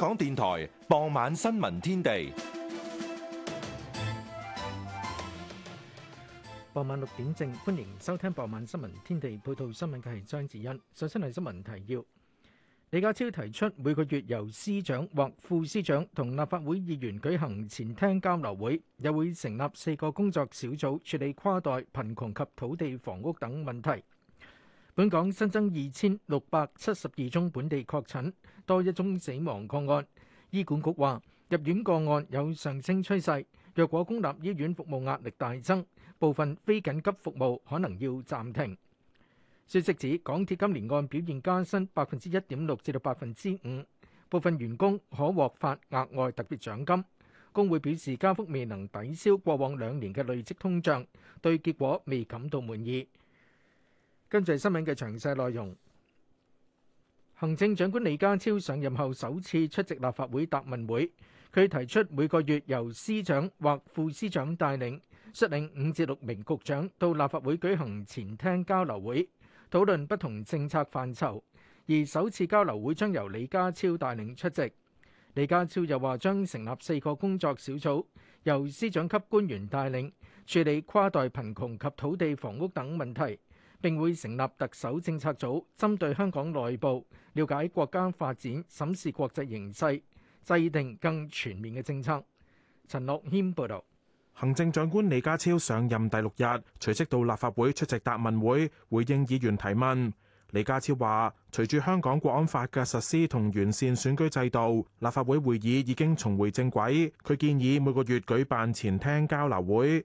港電台傍晚新聞天地，傍晚六點正，歡迎收聽傍晚新聞天地。報道新聞嘅係張子欣。首先係新聞提要：李家超提出每個月由司長或副司長同立法會議員舉行前廳交流會，又會成立四個工作小組處理跨代貧窮及土地房屋等問題。本港新增二千六百七十二宗本地確診。多一宗死亡個案，醫管局話入院個案有上升趨勢，若果公立醫院服務壓力大增，部分非緊急服務可能要暫停。消息指港鐵今年按表現加薪百分之一點六至到百分之五，部分員工可獲發額外特別獎金。工會表示加幅未能抵消過往兩年嘅累積通脹，對結果未感到滿意。跟住新聞嘅詳細內容。行政長官李家超上任後首次出席立法會答問會，佢提出每個月由司長或副司長帶領，率領五至六名局長到立法會舉行前廳交流會，討論不同政策範疇。而首次交流會將由李家超帶領出席。李家超又話將成立四個工作小組，由司長級官員帶領，處理跨代貧窮及土地房屋等問題。並會成立特首政策組，針對香港內部了解國家發展、審視國際形勢，制定更全面嘅政策。陳樂謙報導。行政長官李家超上任第六日，隨即到立法會出席答問會，回應議員提問。李家超話：隨住香港國安法嘅實施同完善選舉制度，立法會會議已經重回正軌。佢建議每個月舉辦前廳交流會。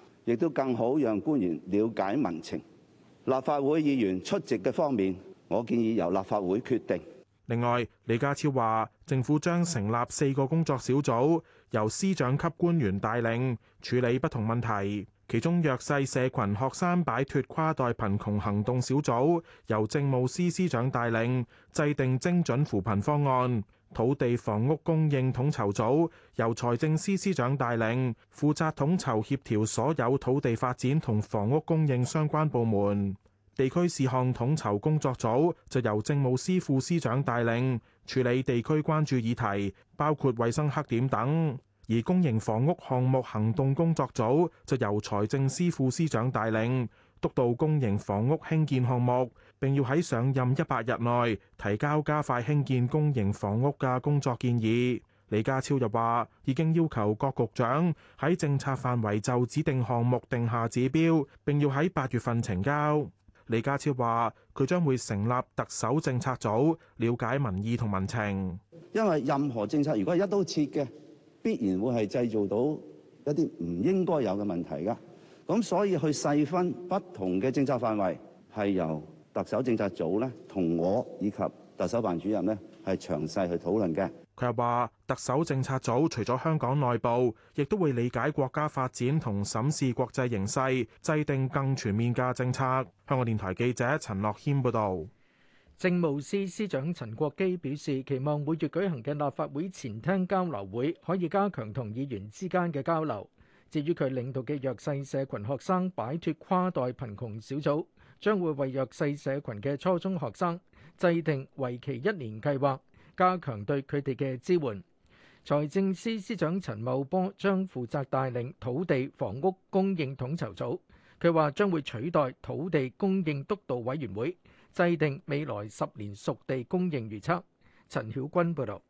亦都更好，讓官員了解民情。立法會議員出席嘅方面，我建議由立法會決定。另外，李家超話，政府將成立四個工作小組，由司長級官員帶領處理不同問題。其中，弱勢社群學生擺脱跨代貧窮行動小組，由政務司司長帶領制定精準扶貧方案。土地房屋供應統籌組由財政司司長帶領，負責統籌協調所有土地發展同房屋供應相關部門。地區事項統籌工作組就由政務司副司長帶領，處理地區關注議題，包括衛生黑點等。而公營房屋項目行動工作組就由財政司副司長帶領。督導公營房屋興建項目，並要喺上任一百日內提交加快興建公營房屋嘅工作建議。李家超又話，已經要求各局長喺政策範圍就指定項目定下指標，並要喺八月份呈交。李家超話，佢將會成立特首政策組，了解民意同民情。因為任何政策如果一刀切嘅，必然會係製造到一啲唔應該有嘅問題㗎。咁所以去細分不同嘅政策範圍，係由特首政策組咧同我以及特首辦主任咧係詳細去討論嘅。佢又話：特首政策組除咗香港內部，亦都會理解國家發展同審視國際形勢，制定更全面嘅政策。香港電台記者陳樂謙報道。政務司司長陳國基表示，期望每月舉行嘅立法會前廳交流會，可以加強同議員之間嘅交流。至於佢領導嘅弱勢社群學生擺脱跨代貧窮小組，將會為弱勢社群嘅初中學生制定為期一年計劃，加強對佢哋嘅支援。財政司司長陳茂波將負責帶領土地房屋供應統籌組，佢話將會取代土地供應督導委員會，制定未來十年熟地供應預測。陳曉君報導。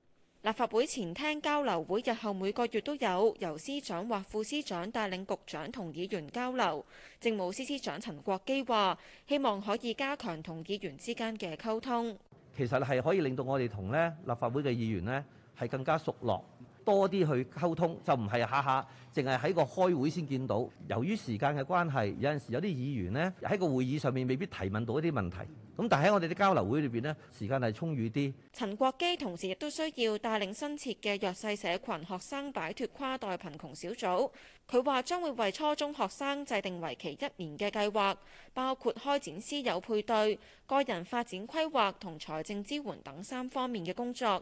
立法會前廳交流會日後每個月都有，由司長或副司長帶領局長同議員交流。政務司司長陳國基話：希望可以加強同議員之間嘅溝通，其實係可以令到我哋同咧立法會嘅議員呢係更加熟絡。多啲去溝通，就唔係下下，淨係喺個開會先見到。由於時間嘅關係，有陣時有啲議員呢，喺個會議上面未必提問到一啲問題。咁但係喺我哋啲交流會裏邊呢，時間係充裕啲。陳國基同時亦都需要帶領新設嘅弱勢社群學生擺脱跨代貧窮小組。佢話將會為初中學生制定為期一年嘅計劃，包括開展師友配對、個人發展規劃同財政支援等三方面嘅工作。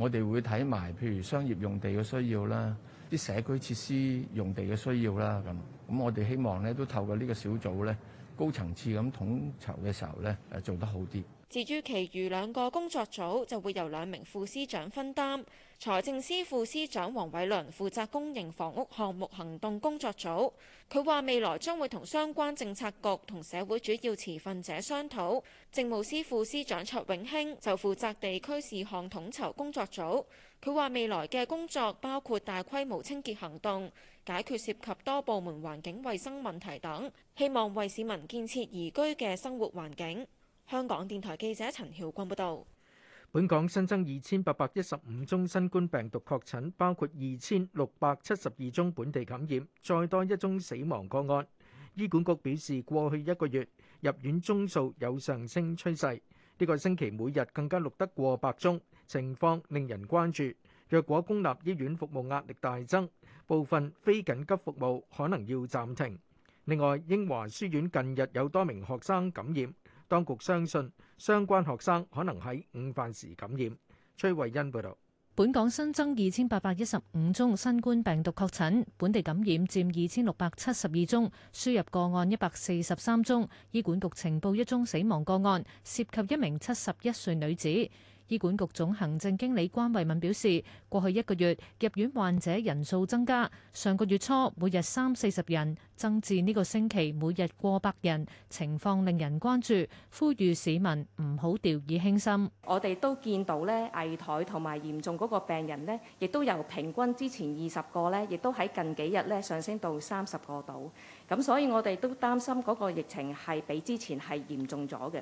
我哋會睇埋，譬如商業用地嘅需要啦，啲社區設施用地嘅需要啦，咁咁我哋希望咧都透過呢個小組咧高層次咁統籌嘅時候咧，誒做得好啲。至於其餘兩個工作組就會由兩名副司長分擔。財政司副司長黃偉綸負責公營房屋項目行動工作組，佢話未來將會同相關政策局同社會主要持份者商討。政務司副司長卓永興就負責地區事項統籌工作組，佢話未來嘅工作包括大規模清潔行動、解決涉及多部門環境衛生問題等，希望為市民建設宜居嘅生活環境。香港電台記者陳曉君報道，本港新增二千八百一十五宗新冠病毒確診，包括二千六百七十二宗本地感染，再多一宗死亡個案。醫管局表示，過去一個月入院宗數有上升趨勢，呢個星期每日更加錄得過百宗，情況令人關注。若果公立醫院服務壓力大增，部分非緊急服務可能要暫停。另外，英華書院近日有多名學生感染。當局相信相關學生可能喺午飯時感染。崔慧欣報道，本港新增二千八百一十五宗新冠病毒確診，本地感染佔二千六百七十二宗，輸入個案一百四十三宗。醫管局呈報一宗死亡個案，涉及一名七十一歲女子。醫管局總行政經理關慧敏表示，過去一個月入院患者人數增加，上個月初每日三四十人，增至呢個星期每日過百人，情況令人關注，呼籲市民唔好掉以輕心。我哋都見到咧，危殆同埋嚴重嗰個病人咧，亦都由平均之前二十個咧，亦都喺近幾日咧上升到三十個度。咁所以我哋都擔心嗰個疫情係比之前係嚴重咗嘅。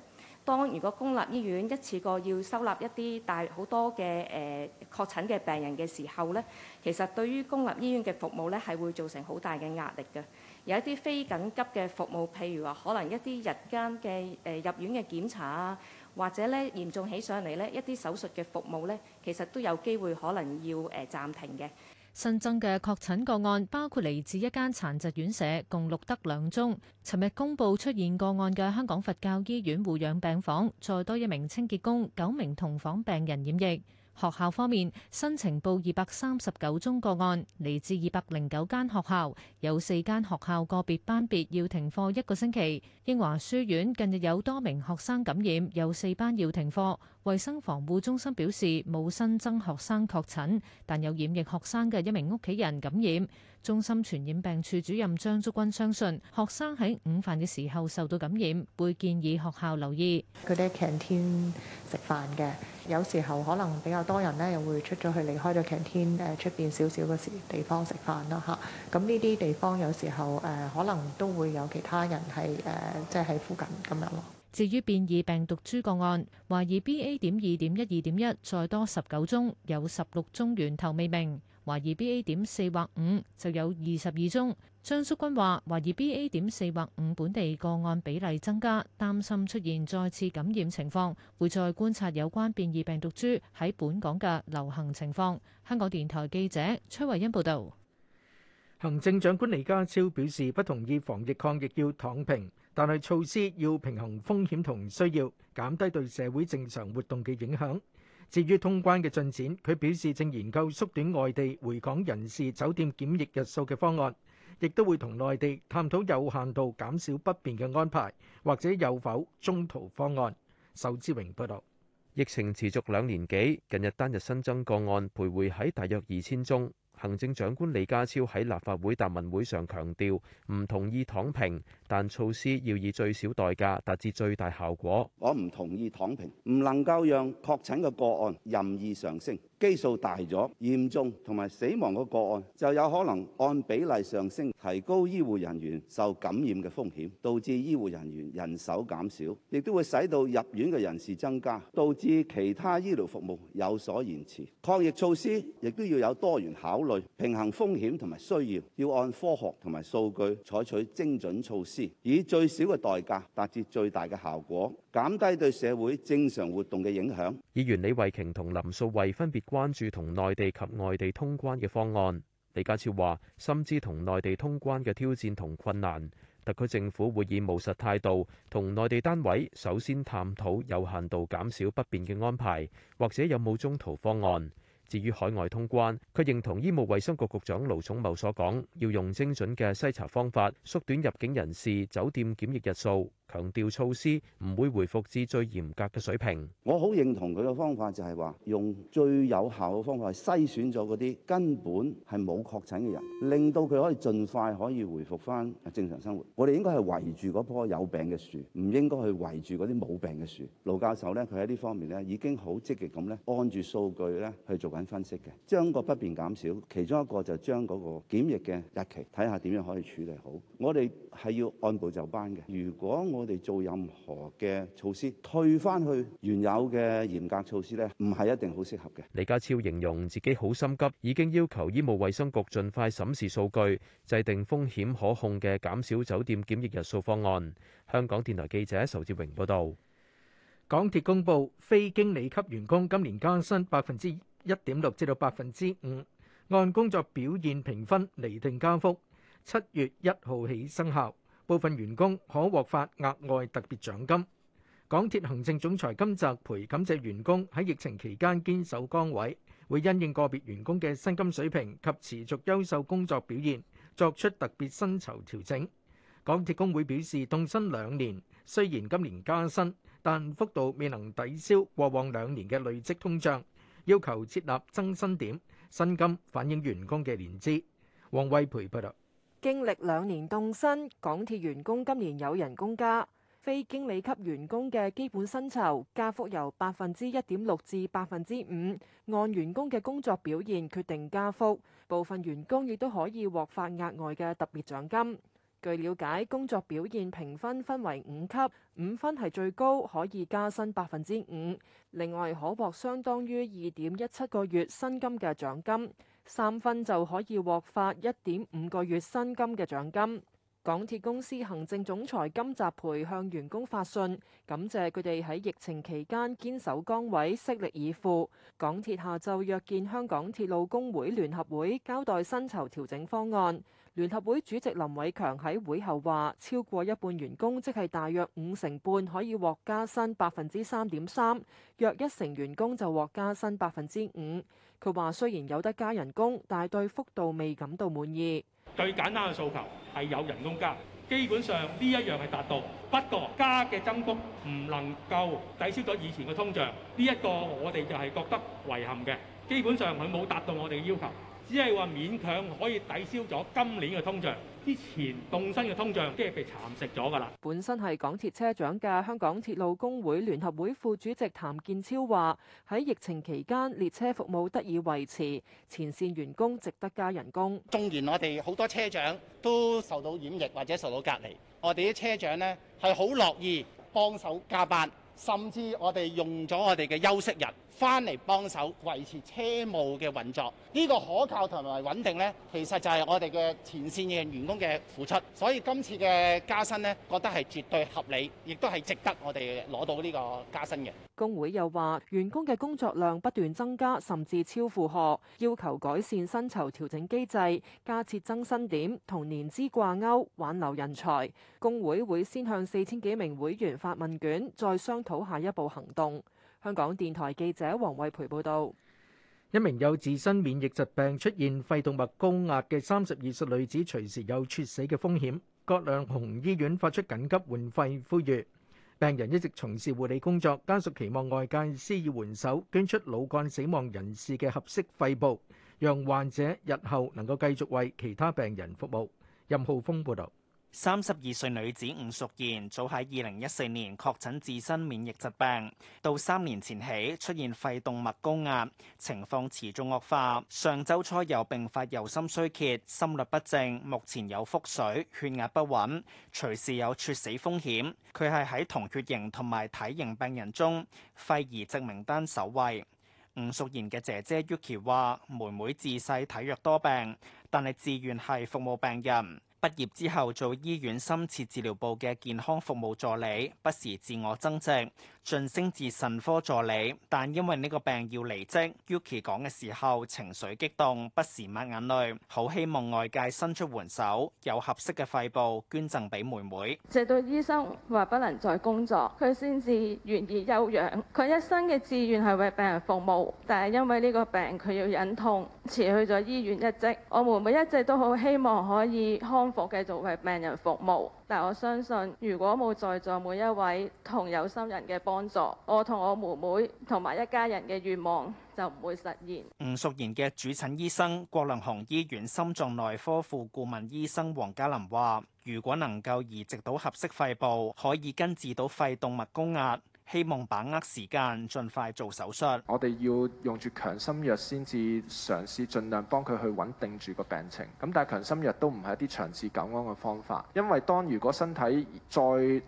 當如果公立醫院一次過要收納一啲大好多嘅誒確診嘅病人嘅時候咧，其實對於公立醫院嘅服務咧係會造成好大嘅壓力嘅。有一啲非緊急嘅服務，譬如話可能一啲日間嘅誒入院嘅檢查啊，或者咧嚴重起上嚟咧一啲手術嘅服務咧，其實都有機會可能要誒暫停嘅。新增嘅確診個案包括嚟自一間殘疾院舍，共錄得兩宗。尋日公布出現個案嘅香港佛教醫院護養病房，再多一名清潔工，九名同房病人染疫。學校方面，新呈報二百三十九宗個案，嚟自二百零九間學校，有四間學校個別班別要停課一個星期。英華書院近日有多名學生感染，有四班要停課。衛生防護中心表示冇新增學生確診，但有染疫學生嘅一名屋企人感染。中心傳染病處主任張竹君相信學生喺午飯嘅時候受到感染，會建議學校留意。佢哋喺 canteen 食飯嘅，有時候可能比較多人呢，又會出咗去離開咗 canteen 誒出邊少少嘅時地方食飯啦嚇。咁呢啲地方有時候誒可能都會有其他人係誒即係喺附近咁樣咯。至於變異病毒株個案，懷疑 B A. 點二點一二點一再多十九宗，有十六宗源頭未明；懷疑 B A. 點四或五就有二十二宗。張淑君話：懷疑 B A. 點四或五本地個案比例增加，擔心出現再次感染情況，會再觀察有關變異病毒株喺本港嘅流行情況。香港電台記者崔慧欣報道。行政長官李家超表示不同意防疫抗疫要躺平，但係措施要平衡風險同需要，減低對社會正常活動嘅影響。至於通關嘅進展，佢表示正研究縮短外地回港人士酒店檢疫日數嘅方案，亦都會同內地探討有限度減少不便嘅安排，或者有否中途方案。仇志榮報道，疫情持續兩年幾，近日單日新增個案徘徊喺大約二千宗。行政長官李家超喺立法會答問會上強調，唔同意躺平，但措施要以最少代價達至最大效果。我唔同意躺平，唔能夠讓確診嘅個案任意上升。基數大咗，嚴重同埋死亡嘅個案就有可能按比例上升，提高醫護人員受感染嘅風險，導致醫護人員人手減少，亦都會使到入院嘅人士增加，導致其他醫療服務有所延遲。抗疫措施亦都要有多元考慮，平衡風險同埋需要，要按科學同埋數據採取精準措施，以最小嘅代價達至最大嘅效果。減低對社會正常活動嘅影響。議員李慧瓊同林素慧分別關注同內地及外地通關嘅方案。李家超話：深知同內地通關嘅挑戰同困難，特區政府會以務實態度同內地單位首先探討有限度減少不便嘅安排，或者有冇中途方案。至於海外通關，佢認同醫務衛生局局長盧寵茂所講，要用精準嘅篩查方法縮短入境人士酒店檢疫日數。強調措施唔會回復至最嚴格嘅水平。我好認同佢嘅方法就，就係話用最有效嘅方法，篩選咗嗰啲根本係冇確診嘅人，令到佢可以盡快可以回復翻正常生活。我哋應該係圍住嗰棵有病嘅樹，唔應該去圍住嗰啲冇病嘅樹。盧教授咧，佢喺呢方面咧已經好積極咁咧，按住數據咧去做緊分析嘅，將個不便減少。其中一個就將嗰個檢疫嘅日期，睇下點樣可以處理好。我哋係要按部就班嘅。如果我哋做任何嘅措施，退翻去原有嘅嚴格措施咧，唔係一定好適合嘅。李家超形容自己好心急，已經要求醫務衛生局盡快審視數據，制定風險可控嘅減少酒店檢疫日數方案。香港電台記者仇志榮報道。港鐵公布非經理級員工今年加薪百分之一點六至到百分之五，按工作表現評分釐定加幅，七月一號起生效。部分員工可獲發額外特別獎金。港鐵行政總裁金澤培感謝員工喺疫情期間堅守崗位，會因應個別員工嘅薪金水平及持續優秀工作表現作出特別薪酬調整。港鐵工會表示，凍薪兩年雖然今年加薪，但幅度未能抵消過往兩年嘅累積通脹，要求設立增薪點，薪金反映員工嘅年資。王威培報道。經歷兩年凍薪，港鐵員工今年有人工加，非經理級員工嘅基本薪酬加幅由百分之一點六至百分之五，按員工嘅工作表現決定加幅，部分員工亦都可以獲發額外嘅特別獎金。據了解，工作表現評分分為五級，五分係最高，可以加薪百分之五，另外可獲相當於二點一七個月薪金嘅獎金。三分就可以獲發一點五個月薪金嘅獎金。港鐵公司行政總裁金澤培向員工發信，感謝佢哋喺疫情期間堅守崗位，悉力以赴。港鐵下晝約見香港鐵路工會聯合會，交代薪酬調整方案。聯合會主席林偉強喺會後話：超過一半員工，即係大約五成半，可以獲加薪百分之三點三；約一成員工就獲加薪百分之五。佢話：雖然有得加人工，但係對幅度未感到滿意。最簡單嘅訴求係有人工加，基本上呢一樣係達到。不過加嘅增幅唔能夠抵消咗以前嘅通脹，呢一個我哋就係覺得遺憾嘅。基本上佢冇達到我哋嘅要求。只係話勉強可以抵消咗今年嘅通脹，之前凍薪嘅通脹即係被蠶食咗㗎啦。本身係港鐵車長嘅香港鐵路工會聯合會副主席譚建超話：喺疫情期間，列車服務得以維持，前線員工值得加人工。縱然我哋好多車長都受到染疫或者受到隔離，我哋啲車長呢，係好樂意幫手加班，甚至我哋用咗我哋嘅休息日。翻嚟幫手維持車務嘅運作，呢個可靠同埋穩定呢，其實就係我哋嘅前線嘅員工嘅付出，所以今次嘅加薪呢，覺得係絕對合理，亦都係值得我哋攞到呢個加薪嘅。工會又話，員工嘅工作量不斷增加，甚至超負荷，要求改善薪酬調整機制，加設增薪點同年資掛鈎，挽留人才。工會會先向四千幾名會員發問卷，再商討下一步行動。香港電台記者黃慧培報道：一名有自身免疫疾病、出現肺動脈高壓嘅三十二歲女子，隨時有猝死嘅風險。葛量洪醫院發出緊急換肺呼籲，病人一直從事護理工作，家屬期望外界施以援手，捐出腦幹死亡人士嘅合適肺部，讓患者日後能夠繼續為其他病人服務。任浩峰報道。三十二歲女子吳淑賢早喺二零一四年確診自身免疫疾病，到三年前起出現肺動脈高壓，情況持續惡化。上周初有併發右心衰竭、心律不正，目前有腹水、血壓不穩，隨時有猝死風險。佢係喺同血型同埋體型病人中肺移植名單首位。吳淑賢嘅姐姐 Yuki 話，妹妹自細體弱多病，但係自願係服務病人。畢業之後做醫院深切治療部嘅健康服務助理，不時自我增值，晉升至神科助理。但因為呢個病要離職，Yuki 講嘅時候情緒激動，不時抹眼淚，好希望外界伸出援手，有合適嘅肺部捐贈俾妹妹。直到醫生話不能再工作，佢先至願意休養。佢一生嘅志願係為病人服務，但係因為呢個病佢要忍痛辭去咗醫院一職。我妹妹一直都好希望可以康。繼續為病人服務，但我相信，如果冇在座每一位同有心人嘅幫助，我同我妹妹同埋一家人嘅願望就唔會實現。吳淑賢嘅主診醫生葛量洪醫院心臟內科副顧問醫生黃嘉琳話：如果能夠移植到合適肺部，可以根治到肺動脈高壓。希望把握時間，盡快做手術。我哋要用住強心藥先至嘗試，盡量幫佢去穩定住個病情。咁但係強心藥都唔係一啲長治久安嘅方法，因為當如果身體再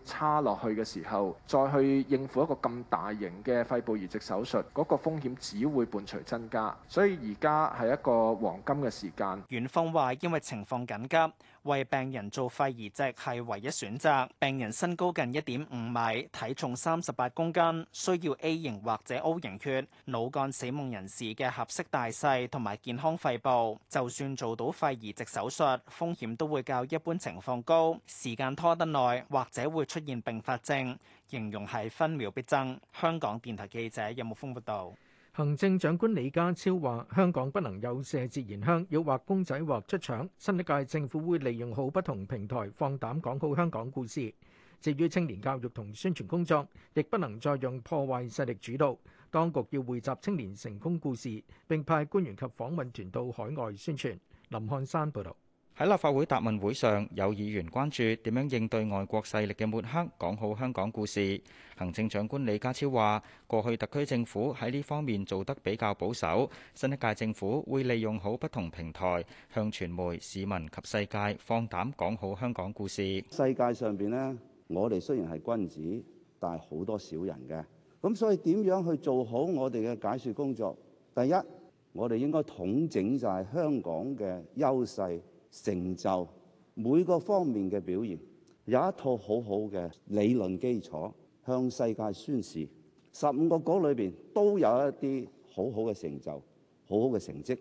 差落去嘅時候，再去應付一個咁大型嘅肺部移植手術，嗰個風險只會伴隨增加。所以而家係一個黃金嘅時間。院方話：因為情況緊急。為病人做肺移植係唯一選擇。病人身高近一點五米，體重三十八公斤，需要 A 型或者 O 型血。腦幹死亡人士嘅合適大細同埋健康肺部，就算做到肺移植手術，風險都會較一般情況高，時間拖得耐或者會出現併發症。形容係分秒必爭。香港電台記者任木峰報道。行政長官李家超話：香港不能有「射自然香，要畫公仔畫出腸。新一屆政府會利用好不同平台，放膽講好香港故事。至於青年教育同宣傳工作，亦不能再用「破壞勢力主導。當局要匯集青年成功故事，並派官員及訪問團到海外宣傳。林漢山報導。喺立法會答問會上，有議員關注點樣應對外國勢力嘅抹黑，講好香港故事。行政長官李家超話，過去特區政府喺呢方面做得比較保守，新一屆政府會利用好不同平台，向傳媒、市民及世界放膽講好香港故事。世界上面呢，我哋雖然係君子，但係好多小人嘅，咁所以點樣去做好我哋嘅解説工作？第一，我哋應該統整晒香港嘅優勢。.成就每個方面嘅表現，有一套好好嘅理論基礎，向世界宣示。十五個國裏邊都有一啲好好嘅成就、好好嘅成績，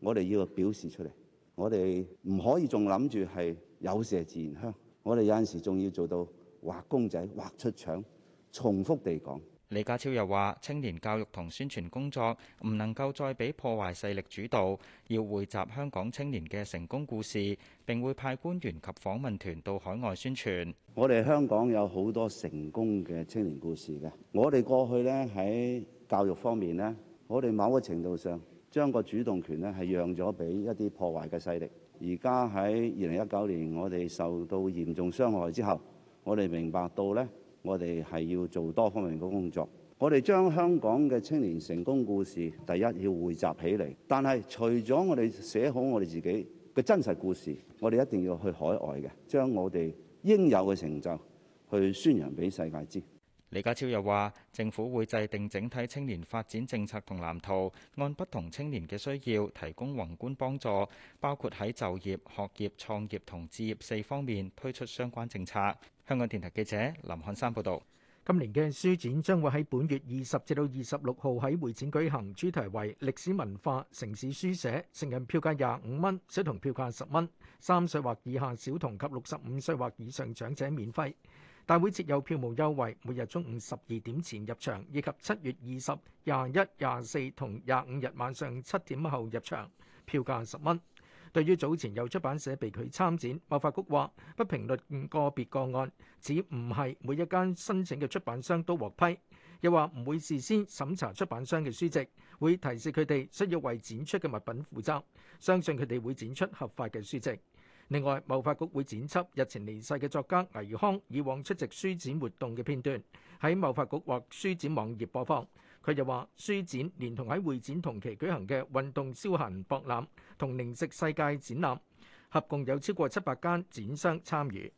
我哋要表示出嚟。我哋唔可以仲諗住係有麝自然香，我哋有陣時仲要做到畫公仔畫出腸，重複地講。李家超又話：青年教育同宣傳工作唔能夠再俾破壞勢力主導，要匯集香港青年嘅成功故事，並會派官員及訪問團到海外宣傳。我哋香港有好多成功嘅青年故事嘅。我哋過去呢喺教育方面呢，我哋某個程度上將個主動權呢係讓咗俾一啲破壞嘅勢力。而家喺二零一九年，我哋受到嚴重傷害之後，我哋明白到呢。我哋係要做多方面嘅工作，我哋將香港嘅青年成功故事，第一要匯集起嚟。但係除咗我哋寫好我哋自己嘅真實故事，我哋一定要去海外嘅，將我哋應有嘅成就去宣揚俾世界知。李家超又話，政府會制定整體青年發展政策同藍圖，按不同青年嘅需要提供宏觀幫助，包括喺就業、學業、創業同置業四方面推出相關政策。香港電台記者林漢山報道。今年嘅書展將會喺本月二十至到二十六號喺會展舉行，主題為歷史文化城市書寫。成人票價廿五蚊，小童票價十蚊，三歲或以下小童及六十五歲或以上長者免費。大會設有票務優惠，每日中午十二點前入場，以及七月二十、廿一、廿四同廿五日晚上七點後入場，票價十蚊。對於早前有出版社被拒參展，貿發局話不評論個別個案，指唔係每一間申請嘅出版商都獲批，又話唔會事先審查出版商嘅書籍，會提示佢哋需要為展出嘅物品負責，相信佢哋會展出合法嘅書籍。另外，貿發局會剪輯日前離世嘅作家倪匡以往出席書展活動嘅片段，喺貿發局或書展網頁播放。佢又話：書展連同喺會展同期舉行嘅運動消閒博覽同零食世界展覽，合共有超過七百間展商參與。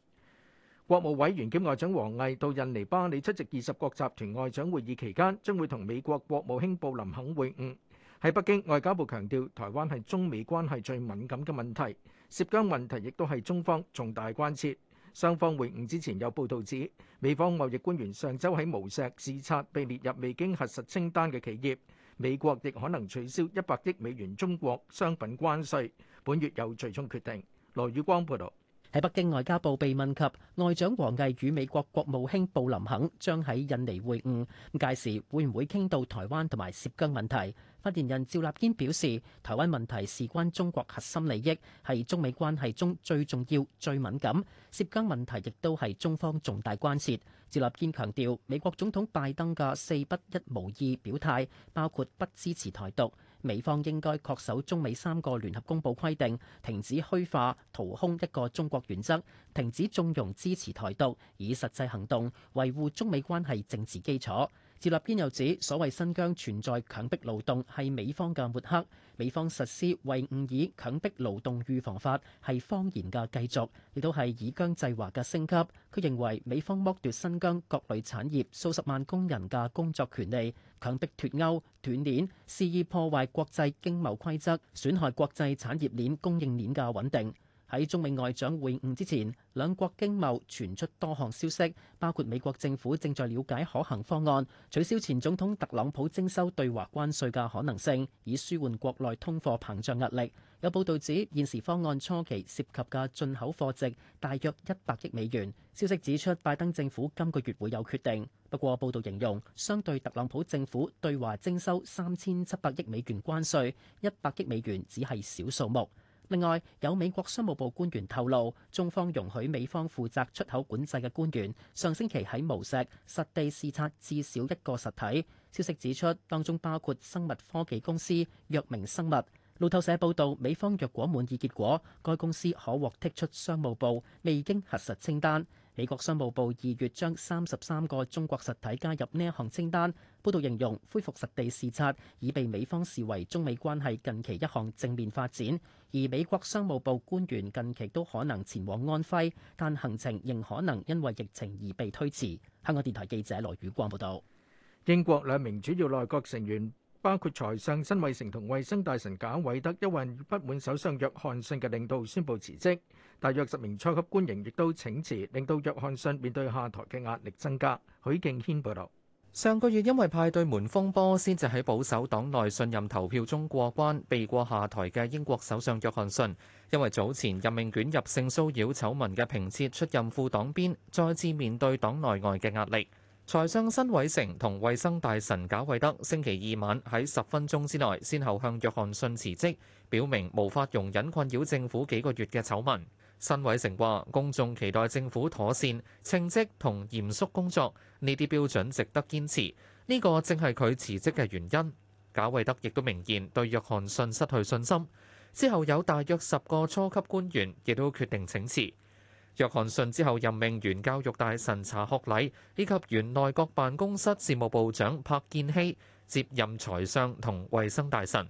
國務委員兼外長王毅到印尼巴里出席二十國集團外長會議期間，將會同美國國務卿布林肯會晤。喺北京，外交部強調，台灣係中美關係最敏感嘅問題，涉疆問題亦都係中方重大關切。雙方會晤之前有報道指，美方貿易官員上週喺無錫視察被列入未經核實清單嘅企業，美國亦可能取消一百億美元中國商品關稅，本月有最終決定。羅宇光報導。喺北京外交部被問及外長王毅與美國國務卿布林肯將喺印尼會晤，屆時會唔會傾到台灣同埋涉疆問題？發言人趙立堅表示，台灣問題事關中國核心利益，係中美關係中最重要、最敏感。涉疆問題亦都係中方重大關切。趙立堅強調，美國總統拜登嘅「四不一無意」表態，包括不支持台獨。美方應該恪守中美三個聯合公報規定，停止虛化、掏空一個中國原則，停止縱容支持台獨，以實際行動維護中美關係政治基礎。趙立堅又指，所謂新疆存在強迫勞動係美方嘅抹黑，美方實施《維吾爾強迫勞動預防法》係謊言嘅繼續，亦都係以疆制華嘅升級，佢認為美方剝奪新疆各類產業數十萬工人嘅工作權利，強迫脫鉤斷鏈，肆意破壞國際經貿規則，損害國際產業鏈供應鏈嘅穩定。喺中美外長會晤之前，兩國經貿傳出多項消息，包括美國政府正在了解可行方案，取消前總統特朗普徵收對華關稅嘅可能性，以舒緩國內通貨膨脹壓力。有報道指，現時方案初期涉及嘅進口貨值大約一百億美元。消息指出，拜登政府今個月會有決定。不過報道形容，相對特朗普政府對華徵收三千七百億美元關稅，一百億美元只係小數目。另外，有美國商務部官員透露，中方容許美方負責出口管制嘅官員上星期喺無錫實地視察至少一個實體。消息指出，當中包括生物科技公司藥明生物。路透社報道，美方若果滿意結果，該公司可獲剔出商務部未經核實清單。美國商務部二月將三十三個中國實體加入呢一項清單，報道形容恢復實地視察已被美方視為中美關係近期一項正面發展，而美國商務部官員近期都可能前往安徽，但行程仍可能因為疫情而被推遲。香港電台記者羅宇光報道。英國兩名主要內閣成員，包括財相辛偉誠同衞生大臣賈偉德，因為不滿首相約翰遜嘅領導，宣布辭職。大約十名初級官員亦都請辭，令到約翰遜面對下台嘅壓力增加。許敬軒報道：「上個月因為派對門風波，先至喺保守黨內信任投票中過關，避過下台嘅英國首相約翰遜，因為早前任命捲入性騷擾醜聞嘅平切，出任副黨鞭，再次面對黨內外嘅壓力。財相辛偉誠同衞生大臣賈偉德星期二晚喺十分鐘之內，先後向約翰遜辭職，表明無法容忍困擾政府幾個月嘅醜聞。辛偉誠話，公眾期待政府妥善、稱職同嚴肅工作，呢啲標準值得堅持。呢個正係佢辭職嘅原因。賈偉德亦都明言對約翰遜失去信心。之後有大約十個初級官員亦都決定請辭。約翰遜之後任命原教育大臣查學禮以及原內閣辦公室事務部長柏建熙接任財相同衛生大臣。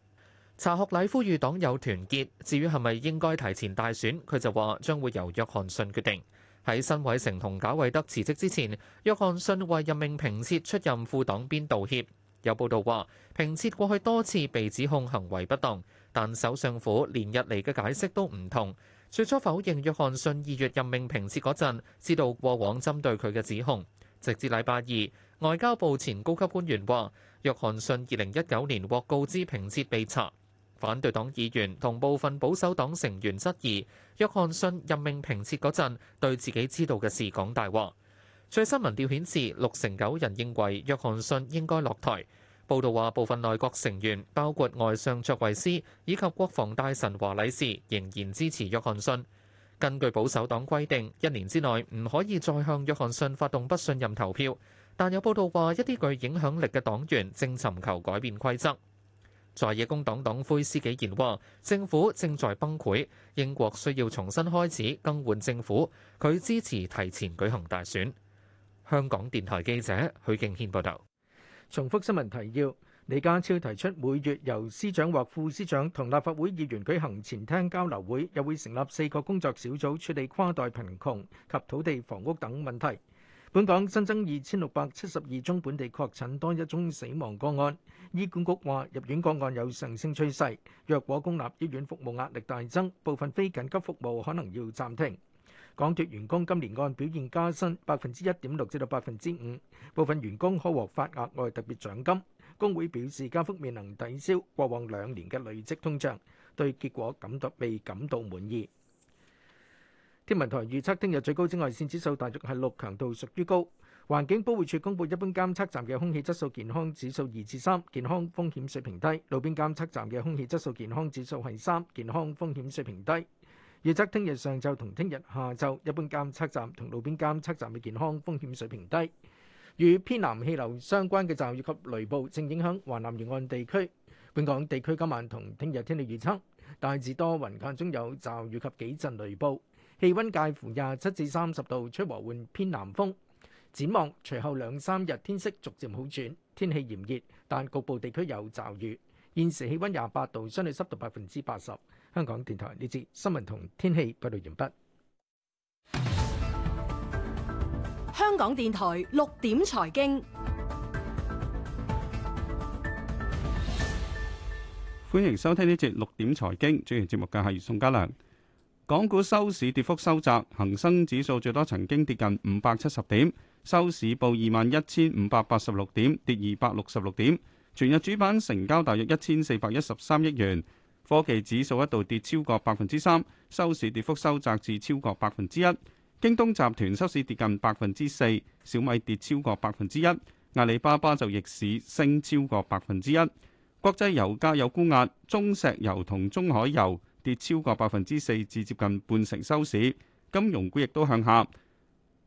查學禮呼籲黨友團結，至於係咪應該提前大選，佢就話將會由約翰遜決定。喺新偉成同賈偉德辭職之前，約翰遜為任命平切出任副黨鞭道歉。有報道話，平切過去多次被指控行為不當，但首相府連日嚟嘅解釋都唔同。最初否認約翰遜二月任命評切嗰陣知道過往針對佢嘅指控，直至禮拜二，外交部前高級官員話：約翰遜二零一九年獲告知評切被查。反對黨議員同部分保守黨成員質疑約翰遜任命評切嗰陣對自己知道嘅事講大話。最新民調顯示六成九人認為約翰遜應該落台。報道話，部分內閣成員包括外相卓慧思以及國防大臣華萊士仍然支持約翰遜。根據保守黨規定，一年之內唔可以再向約翰遜發動不信任投票。但有報道話，一啲具影響力嘅黨員正尋求改變規則。在野工黨黨魁施紀賢話：政府正在崩潰，英國需要重新開始更換政府。佢支持提前舉行大選。香港電台記者許敬軒報道。重複新聞提要：李家超提出每月由司長或副司長同立法會議員舉行前廳交流會，又會成立四個工作小組處理跨代貧窮及土地房屋等問題。本港新增二千六百七十二宗本地確診，多一宗死亡個案。醫管局話入院個案有上升趨勢，若果公立醫院服務壓力大增，部分非緊急服務可能要暫停。港鐵員工今年按表現加薪百分之一點六至到百分之五，部分員工可獲發額外特別獎金。工會表示加幅未能抵消過往兩年嘅累積通脹，對結果感到未感到滿意。天文台預測聽日最高紫外線指數大約係六，強度屬於高。環境保護署公布一般監測站嘅空氣質素健康指數二至三，健康風險水平低；路邊監測站嘅空氣質素健康指數係三，健康風險水平低。預測聽日上晝同聽日下晝，一般監測站同路邊監測站嘅健康風險水平低。與偏南氣流相關嘅驟雨及雷暴正影響華南沿岸地區。本港地區今晚同聽日天氣預測大致多雲間中有驟雨及幾陣雷暴，氣溫介乎廿七至三十度，吹和緩偏南風。展望隨後兩三日天色逐漸好轉，天氣炎熱，但局部地區有驟雨。現時氣溫廿八度，相對濕度百分之八十。香港電台呢節新聞同天氣報道完畢。香港電台六點財經，歡迎收聽呢節六點財經。主持節目嘅係宋家良。港股收市跌幅收窄，恒生指數最多曾經跌近五百七十點，收市報二萬一千五百八十六點，跌二百六十六點。全日主板成交大約一千四百一十三億元。科技指數一度跌超過百分之三，收市跌幅收窄至超過百分之一。京東集團收市跌近百分之四，小米跌超過百分之一，阿里巴巴就逆市升超過百分之一。國際油價有沽壓，中石油同中海油跌超過百分之四至接近半成收市。金融股亦都向下，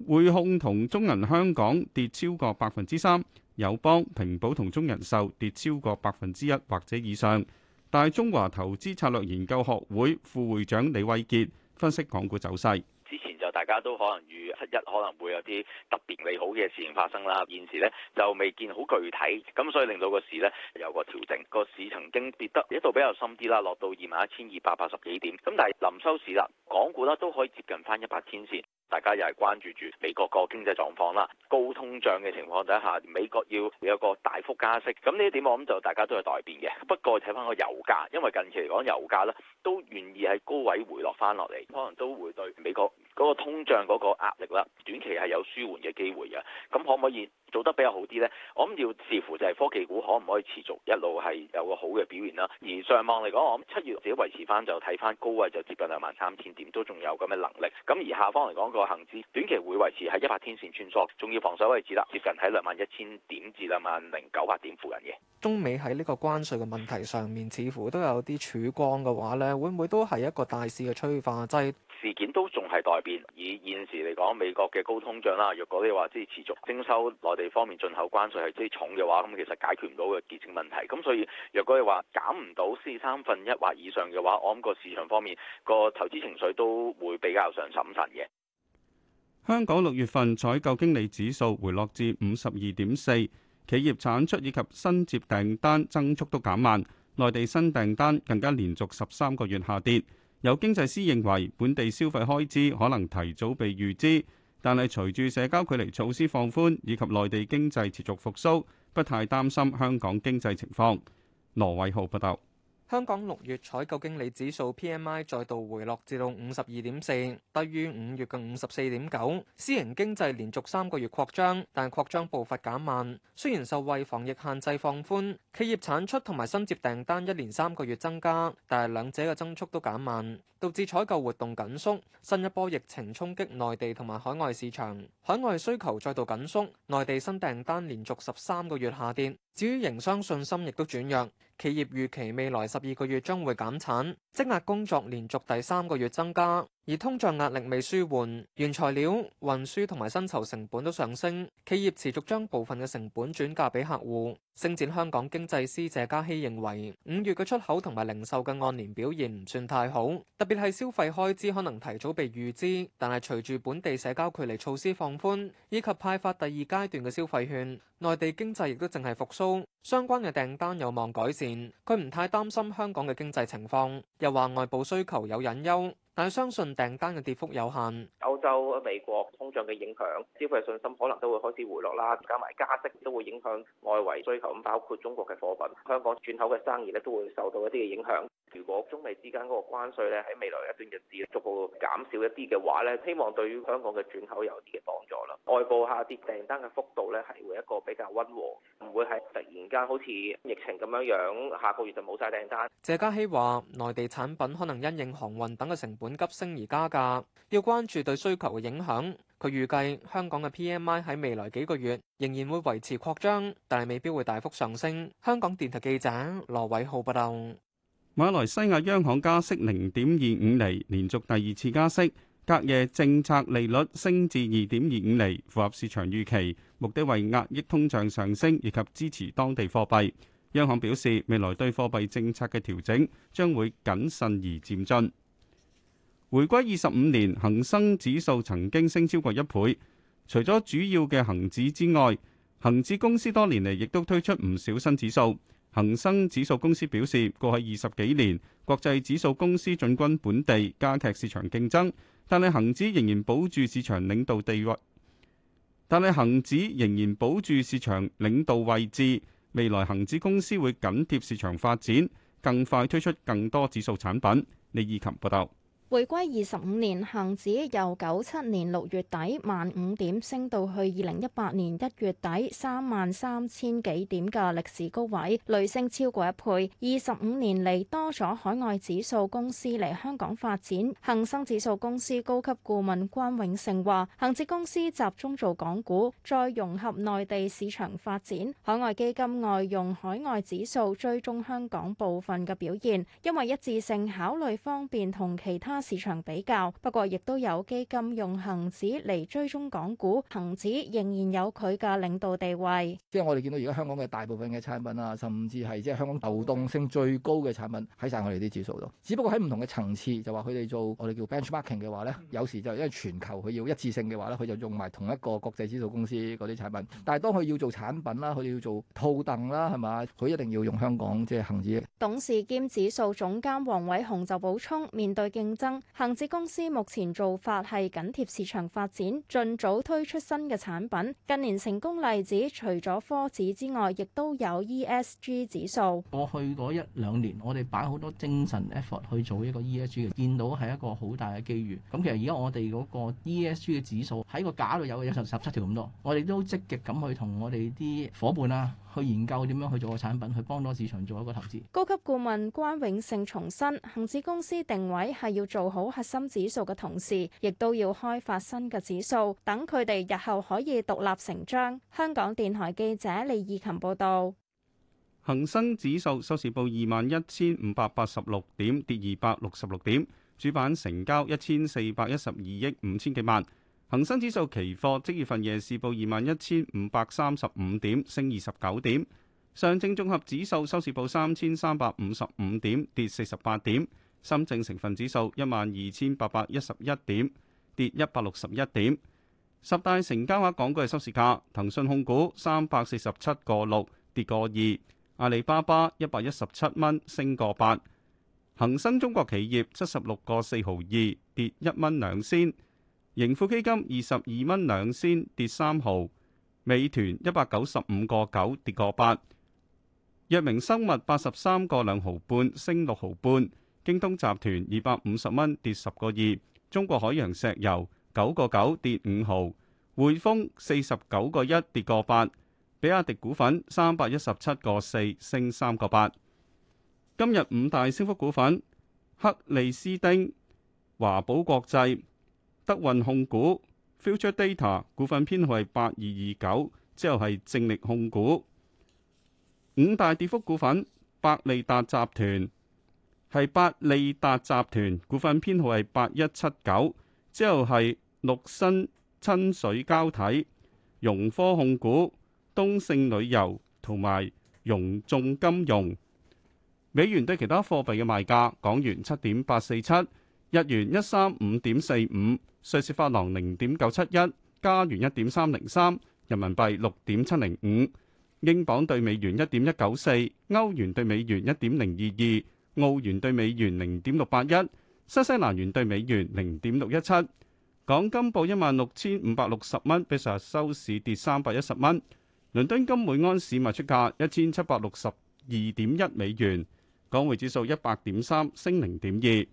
匯控同中銀香港跌超過百分之三，友邦、平保同中人壽跌超過百分之一或者以上。大中華投資策略研究學會副會長李慧傑分析港股走勢：之前就大家都可能預七一可能會有啲特別利好嘅事情發生啦，現時呢，就未見好具體，咁所以令到個市呢，有個調整。個市曾經跌得一度比較深啲啦，落到二萬一千二百八十幾點，咁但係臨收市啦，港股啦都可以接近返一百天線。大家又係關注住美國個經濟狀況啦，高通脹嘅情況底下，美國要有個大幅加息，咁呢一點我諗就大家都係待變嘅。不過睇翻個油價，因為近期嚟講油價咧都願意喺高位回落翻落嚟，可能都會對美國，嗰個通脹嗰個壓力啦，短期係有舒緩嘅機會嘅。咁可唔可以做得比較好啲呢？我諗要視乎就係科技股可唔可以持續一路係有個好嘅表現啦。而上望嚟講，我諗七月自己維持返就睇返高位就接近兩萬三千點，都仲有咁嘅能力。咁而下方嚟講，個恆指短期會維持喺一百天線穿梭，仲要防守位置啦，接近喺兩萬一千點至兩萬零九百點附近嘅。中美喺呢個關稅嘅問題上面，似乎都有啲曙光嘅話呢，會唔會都係一個大市嘅催化劑？事件都仲係待變，以現時嚟講，美國嘅高通脹啦，若果你話即係持續徵收內地方面進口關稅係即係重嘅話，咁其實解決唔到嘅結症問題，咁所以若果你話減唔到四三分一或以上嘅話，我諗個市場方面個投資情緒都會比較上審慎嘅。香港六月份採購經理指數回落至五十二點四，企業產出以及新接訂單增速都減慢，內地新訂單更加連續十三個月下跌。有經濟師認為，本地消費開支可能提早被預支，但係隨住社交距離措施放寬，以及內地經濟持續復甦，不太擔心香港經濟情況。羅偉浩報道。香港六月採購經理指數 PMI 再度回落至到五十二點四，低於五月嘅五十四點九。私營經濟連續三個月擴張，但擴張步伐減慢。雖然受惠防疫限制放寬，企業產出同埋新接訂單一連三個月增加，但係兩者嘅增速都減慢，導致採購活動緊縮。新一波疫情衝擊內地同埋海外市場，海外需求再度緊縮，內地新訂單連續十三個月下跌。至於營商信心亦都轉弱，企業預期未來十二個月將會減產，積壓工作連續第三個月增加。而通脹壓力未舒緩，原材料、運輸同埋薪酬成本都上升，企業持續將部分嘅成本轉嫁俾客戶。星展香港經濟師謝嘉熙認為，五月嘅出口同埋零售嘅按年表現唔算太好，特別係消費開支可能提早被預支。但係隨住本地社交距離措施放寬，以及派發第二階段嘅消費券，內地經濟亦都淨係復蘇，相關嘅訂單有望改善。佢唔太擔心香港嘅經濟情況，又話外部需求有隱憂。但係相信訂單嘅跌幅有限。歐洲、美國通脹嘅影響，消費信心可能都會開始回落啦。加埋加息都會影響外圍需求，咁包括中國嘅貨品，香港轉口嘅生意咧都會受到一啲嘅影響，如果中美之間嗰個關稅咧喺未來一段日子逐步減少一啲嘅話咧，希望對於香港嘅轉口有啲嘅幫助啦。外部下跌訂單嘅幅度咧係會一個比較溫和，唔會係突然間好似疫情咁樣樣下個月就冇晒訂單，謝家希話內地產品可能因應航運等嘅成本。本急升而加價，要關注對需求嘅影響。佢預計香港嘅 PMI 喺未來幾個月仍然會維持擴張，但係未必會大幅上升。香港電台記者羅偉浩報道。馬來西亞央行加息零點二五厘，連續第二次加息，隔夜政策利率升至二點二五厘，符合市場預期。目的為壓抑通脹上升，以及支持當地貨幣。央行表示，未來對貨幣政策嘅調整將會謹慎而漸進。回歸二十五年，恒生指數曾經升超過一倍。除咗主要嘅恒指之外，恒指公司多年嚟亦都推出唔少新指數。恒生指數公司表示，過去二十幾年，國際指數公司進軍本地加劇市場競爭，但係恒指仍然保住市場領導地位。但係恒指仍然保住市場領導位置，未來恒指公司會緊貼市場發展，更快推出更多指數產品。李以琴報道。回歸二十五年，恒指由九七年六月底萬五點升到去二零一八年一月底三萬三千幾點嘅歷史高位，累升超過一倍。二十五年嚟多咗海外指數公司嚟香港發展，恒生指數公司高級顧問關永盛話：恒指公司集中做港股，再融合內地市場發展，海外基金外用海外指數追蹤香港部分嘅表現，因為一致性考慮方便同其他。市場比較，不過亦都有基金用恒指嚟追蹤港股，恒指仍然有佢嘅領導地位。即係我哋見到而家香港嘅大部分嘅產品啊，甚至係即係香港流動性最高嘅產品喺晒我哋啲指數度。只不過喺唔同嘅層次，就話佢哋做我哋叫 benchmarking 嘅話咧，有時就因為全球佢要一致性嘅話咧，佢就用埋同一個國際指數公司嗰啲產品。但係當佢要做產品啦，佢哋要做套戥啦，係咪啊？佢一定要用香港即係、就是、恒指。董事兼指數總監黃偉雄就補充：面對競爭。恆指公司目前做法係緊貼市場發展，盡早推出新嘅產品。近年成功例子除咗科指之外，亦都有 E S G 指數。過去嗰一兩年，我哋擺好多精神 effort 去做一個 E S G 嘅，見到係一個好大嘅機遇。咁其實而家我哋嗰個 E S G 嘅指數喺個架度有有十十七條咁多，我哋都積極咁去同我哋啲夥伴啊，去研究點樣去做個產品，去幫到市場做一個投資。高級顧問關永勝重申，恒指公司定位係要做好核心指數嘅同時，亦都要開發新嘅指數，等佢哋日後可以獨立成章。香港電台記者李義琴報道。恒生指數收市報二萬一千五百八十六點，跌二百六十六點。主板成交一千四百一十二億五千幾萬。恒生指數期貨即月份夜市報二萬一千五百三十五點，升二十九點。上證綜合指數收市報三千三百五十五點，跌四十八點。深證成分指數一萬二千八百一十一點，跌一百六十一點。十大成交額港股係收市價，騰訊控股三百四十七個六，跌個二。阿里巴巴一百一十七蚊，升個八。恒生中國企業七十六個四毫二，跌一蚊兩仙。盈富基金二十二蚊兩仙，跌三毫，美團一百九十五個九，跌個八，藥明生物八十三個兩毫半，升六毫半，京東集團二百五十蚊，跌十個二，中國海洋石油九個九，跌五毫，匯豐四十九個一，跌個八，比亞迪股份三百一十七個四，升三個八。今日五大升幅股份：克利斯丁、華寶國際、德運控股、Future Data 股份編號係八二二九，之後係正力控股。五大跌幅股份，百利達集團係百利達集團股份編號係八一七九，之後係六新親水膠體、融科控股、東勝旅遊同埋融眾金融。美元對其他貨幣嘅賣價，港元七點八四七。日元135.45，瑞士法郎0.971，加元1.303人民幣6.705，英鎊兌美元1.194，歐元兌美元1.022，澳元兌美元0.681，新西蘭元兌美元0.617，港金報16560蚊，比上日收市跌310蚊，倫敦金每盎司賣出價1762.1美元，港匯指數100.3，升0.2。